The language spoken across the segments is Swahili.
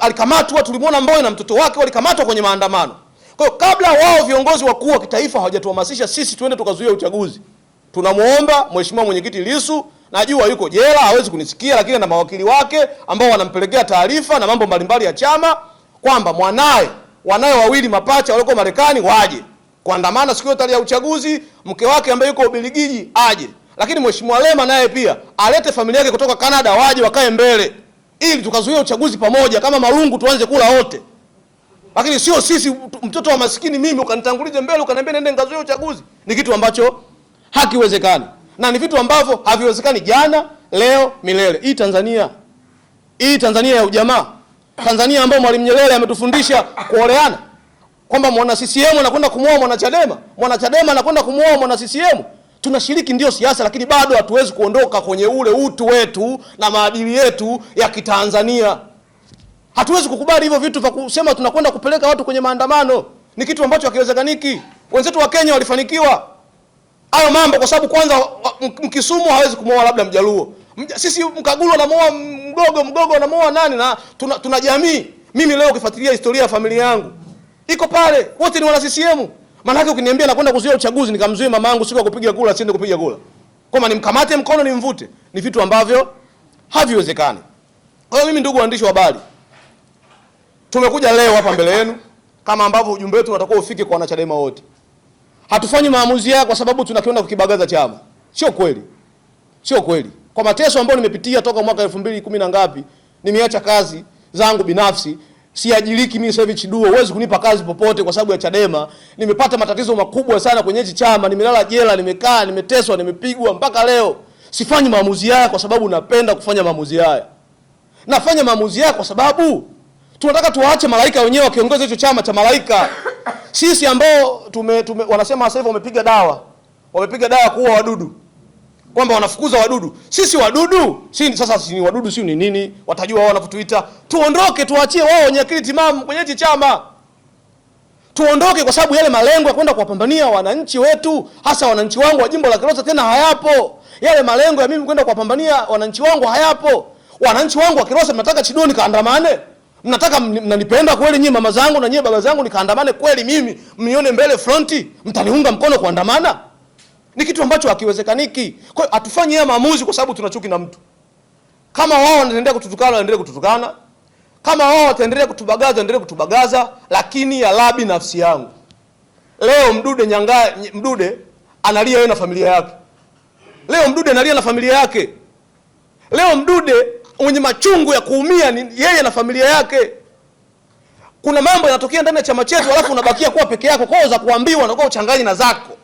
alikamatwa, tulimwona Mbowe na mtoto wake walikamatwa kwenye maandamano. Kwa kabla wao viongozi wakuu wa kitaifa hawajatuhamasisha sisi tuende tukazuia uchaguzi, tunamwomba Mheshimiwa Mwenyekiti lisu najua yuko jela hawezi kunisikia, lakini na mawakili wake ambao wanampelekea taarifa na mambo mbalimbali ya chama kwamba mwanaye wanayo wawili mapacha walioko Marekani waje kuandamana siku hiyo ya uchaguzi, mke wake ambaye yuko ubiligiji aje, lakini Mheshimiwa Lema naye pia alete familia yake kutoka Canada waje wakae mbele ili tukazuia uchaguzi pamoja, kama marungu tuanze kula wote, lakini sio sisi, mtoto wa maskini mimi ukanitangulize mbele ukaniambia nende ngazuia uchaguzi. Ni kitu ambacho hakiwezekani na ni vitu ambavyo haviwezekani jana, leo, milele. Hii Tanzania, hii Tanzania ya ujamaa, Tanzania ambayo Mwalimu Nyerere ametufundisha kuoleana, kwamba mwana CCM anakwenda kumuoa mwana Chadema, mwana Chadema anakwenda kumuoa mwana CCM tunashiriki ndio siasa, lakini bado hatuwezi kuondoka kwenye ule utu wetu na maadili yetu ya Kitanzania. Hatuwezi kukubali hivyo vitu vya kusema tunakwenda kupeleka watu kwenye maandamano, ni kitu ambacho hakiwezekaniki. Wenzetu wa Kenya walifanikiwa hayo mambo kwa sababu kwanza, Mkisumu hawezi kumoa labda Mjaluo, sisi Mkagulu anamoa Mgogo, Mgogo anamoa nani, na tuna, tuna jamii. Mimi leo ukifuatilia historia ya familia yangu iko pale, wote ni wana CCM. Maanake ukiniambia nakwenda kuzuia uchaguzi nikamzuia mama yangu siku ya kupiga kura siende kupiga kura. Kama nimkamate mkono nimvute ni vitu ambavyo haviwezekani. Kwa hiyo mimi, ndugu waandishi wa habari, tumekuja leo hapa mbele yenu kama ambavyo ujumbe wetu unatakiwa ufike kwa wanachadema wote. Hatufanyi maamuzi haya kwa sababu tunakiona kukibagaza chama. Sio kweli. Sio kweli. Kwa mateso ambayo nimepitia toka mwaka elfu mbili kumi na ngapi, nimeacha kazi zangu binafsi siajiriki mimi sasa hivi Chiduo, huwezi kunipa kazi popote kwa sababu ya Chadema. Nimepata matatizo makubwa sana kwenye hichi chama, nimelala jela, nimekaa, nimeteswa, nimepigwa mpaka leo. Sifanyi maamuzi haya kwa sababu napenda kufanya maamuzi haya. Nafanya maamuzi haya kwa sababu tunataka tuwaache malaika wenyewe wakiongoza hicho chama cha malaika. Sisi ambao tume, tume wanasema sasa hivi wamepiga dawa. Wamepiga dawa kuua wadudu kwamba wanafukuza wadudu. Sisi wadudu? Si sasa si wadudu si ni nini? Watajua wao wanapotuita. Tuondoke, tuachie wao wenye akili timamu kwenye hichi chama. Tuondoke kwa sababu yale malengo ya kwenda kuwapambania wananchi wetu, hasa wananchi wangu wa Jimbo la Kilosa tena hayapo. Yale malengo ya mimi kwenda kuwapambania wananchi wangu hayapo. Wananchi wangu wa Kilosa mnataka Chidoni kaandamane? Mnataka mnanipenda kweli nyinyi mama zangu na nyinyi baba zangu nikaandamane kweli mimi? Mnione mbele fronti, mtaniunga mkono kuandamana? ni kitu ambacho hakiwezekaniki. Kwa hiyo hatufanye haya maamuzi kwa sababu tuna chuki na mtu. Kama wao wanaendelea kututukana, waendelee kututukana. Kama wao wataendelea kutubagaza, waendelee kutubagaza, lakini ya labi nafsi yangu. Leo Mdude Nyanga, Mdude analia yeye na familia yake. Leo Mdude analia na familia yake. Leo Mdude mwenye machungu ya kuumia ni yeye na familia yake. Kuna mambo yanatokea ndani ya chama chetu, alafu unabakia kuwa peke yako kwao za kuambiwa na kwao changanyi na zako.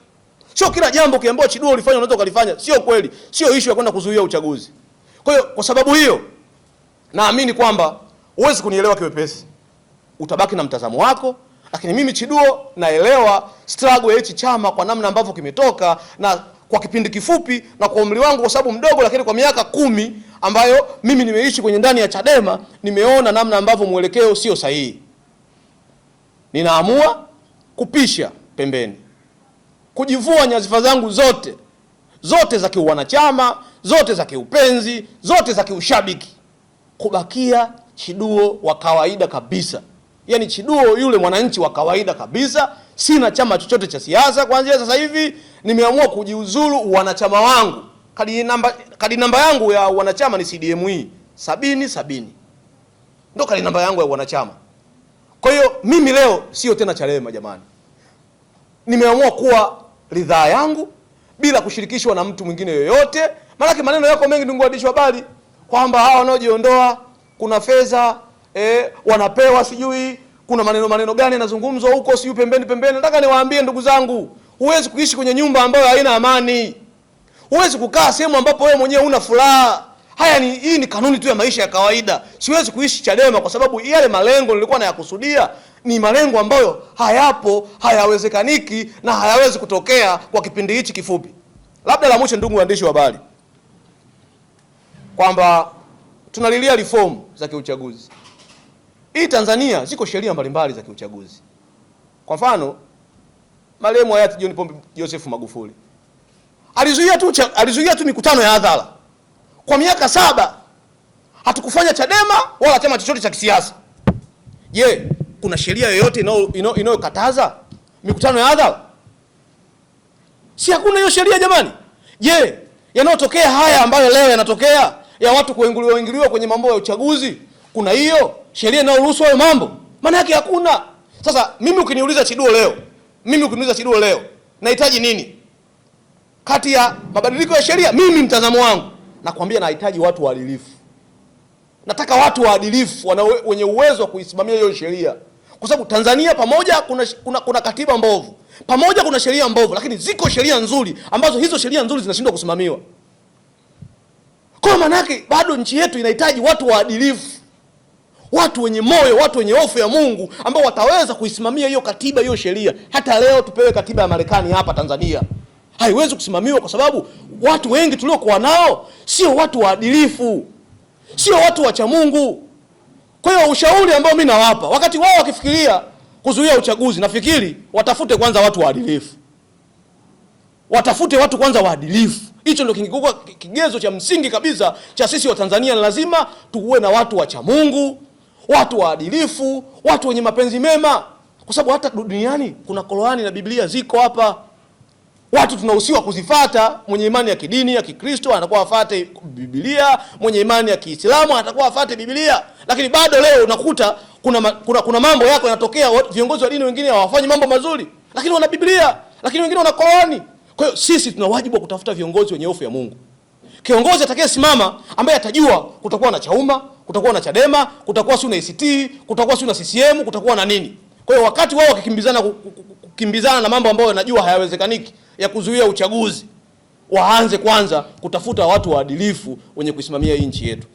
Sio kila jambo kiambao Chiduo ulifanya unaweza ukalifanya, sio kweli, sio ishu ya kwenda kuzuia uchaguzi. Kwa hiyo kwa sababu hiyo naamini kwamba huwezi kunielewa kiwepesi, utabaki na mtazamo wako, lakini mimi Chiduo naelewa struggle ya hichi chama kwa namna ambavyo kimetoka na kwa kipindi kifupi na kwa umri wangu, kwa sababu mdogo, lakini kwa miaka kumi ambayo mimi nimeishi kwenye ndani ya Chadema nimeona namna ambavyo mwelekeo sio sahihi, ninaamua kupisha pembeni kujivua nyadhifa zangu zote zote za kiuwanachama, zote za kiupenzi, zote za kiushabiki, kubakia chiduo wa kawaida kabisa, yaani chiduo yule mwananchi wa kawaida kabisa. Sina chama chochote cha siasa kwanzia sasa hivi, nimeamua kujiuzulu uwanachama wangu. Kadi namba, kadi namba yangu ya wanachama ni CDME sabini sabini, ndio kadi namba yangu ya wanachama. Kwa hiyo mimi leo sio tena chalema jamani, nimeamua kuwa ridhaa yangu bila kushirikishwa na mtu mwingine yoyote. Maanake maneno yako mengi, ndugu waandishi wa habari, kwamba hawa wanaojiondoa kuna fedha eh, wanapewa sijui kuna maneno maneno gani yanazungumzwa huko sijui pembeni pembeni. Nataka niwaambie ndugu zangu, huwezi kuishi kwenye nyumba ambayo haina amani, huwezi kukaa sehemu ambapo wewe mwenyewe una furaha. Haya ni hii ni kanuni tu ya maisha ya kawaida. Siwezi kuishi Chadema kwa sababu yale malengo nilikuwa nayakusudia ni malengo ambayo hayapo, hayawezekaniki na hayawezi kutokea kwa kipindi hichi kifupi. Labda la mwisho, ndugu waandishi wa habari, kwamba tunalilia reform za kiuchaguzi. Hii Tanzania ziko sheria mbalimbali za kiuchaguzi. Kwa mfano, marehemu hayati John Pombe Joseph Magufuli alizuia tu alizuia tu mikutano ya hadhara kwa miaka saba. Hatukufanya Chadema wala chama chochote cha kisiasa. Je, kuna sheria yoyote inayokataza mikutano ya hadhara? Si hakuna hiyo sheria jamani. Je, yanayotokea haya ambayo leo yanatokea ya watu kuingiliwa ingiliwa kwenye mambo ya uchaguzi, kuna hiyo sheria inayoruhusu hayo mambo? Maana yake hakuna. Sasa mimi ukiniuliza Chiduo leo, mimi ukiniuliza Chiduo leo, nahitaji nini kati ya mabadiliko ya sheria? Mimi mtazamo wangu nakwambia, nahitaji watu waadilifu. Nataka watu waadilifu wenye uwezo wa kuisimamia hiyo sheria kwa sababu Tanzania pamoja kuna, kuna, kuna katiba mbovu pamoja kuna sheria mbovu, lakini ziko sheria nzuri ambazo hizo sheria nzuri zinashindwa kusimamiwa. Kwa maana yake bado nchi yetu inahitaji watu waadilifu, watu wenye moyo, watu wenye hofu ya Mungu ambao wataweza kuisimamia hiyo katiba, hiyo sheria. Hata leo tupewe katiba ya Marekani hapa Tanzania haiwezi kusimamiwa kwa sababu watu wengi tuliokuwa nao sio watu waadilifu, sio watu wacha Mungu. Kwa hiyo ushauri ambao mimi nawapa, wakati wao wakifikiria kuzuia uchaguzi, nafikiri watafute kwanza watu waadilifu, watafute watu kwanza waadilifu. Hicho ndio kingekuwa kigezo cha msingi kabisa cha sisi Watanzania. Lazima tuwe na watu wacha Mungu, watu waadilifu, watu wenye mapenzi mema, kwa sababu hata duniani kuna Qur'ani na Biblia ziko hapa. Watu tunahusiwa kuzifata. Mwenye imani ya kidini ya Kikristo anatakuwa afate Biblia, mwenye imani ya Kiislamu anatakuwa afate Biblia. Lakini bado leo unakuta kuna, kuna, kuna mambo yako yanatokea, viongozi wa dini wengine hawafanyi mambo mazuri, lakini wana Biblia, lakini wengine wana Qur'ani. Kwa hiyo sisi tuna wajibu wa kutafuta viongozi wenye hofu ya Mungu, kiongozi atakayesimama ambaye atajua kutakuwa na Chauma, kutakuwa na Chadema, kutakuwa si na ACT, kutakuwa si na CCM, kutakuwa na nini kwa hiyo wakati wao wakikimbizana kukimbizana na mambo ambayo najua hayawezekaniki ya kuzuia uchaguzi, waanze kwanza kutafuta watu waadilifu wenye kuisimamia hii nchi yetu.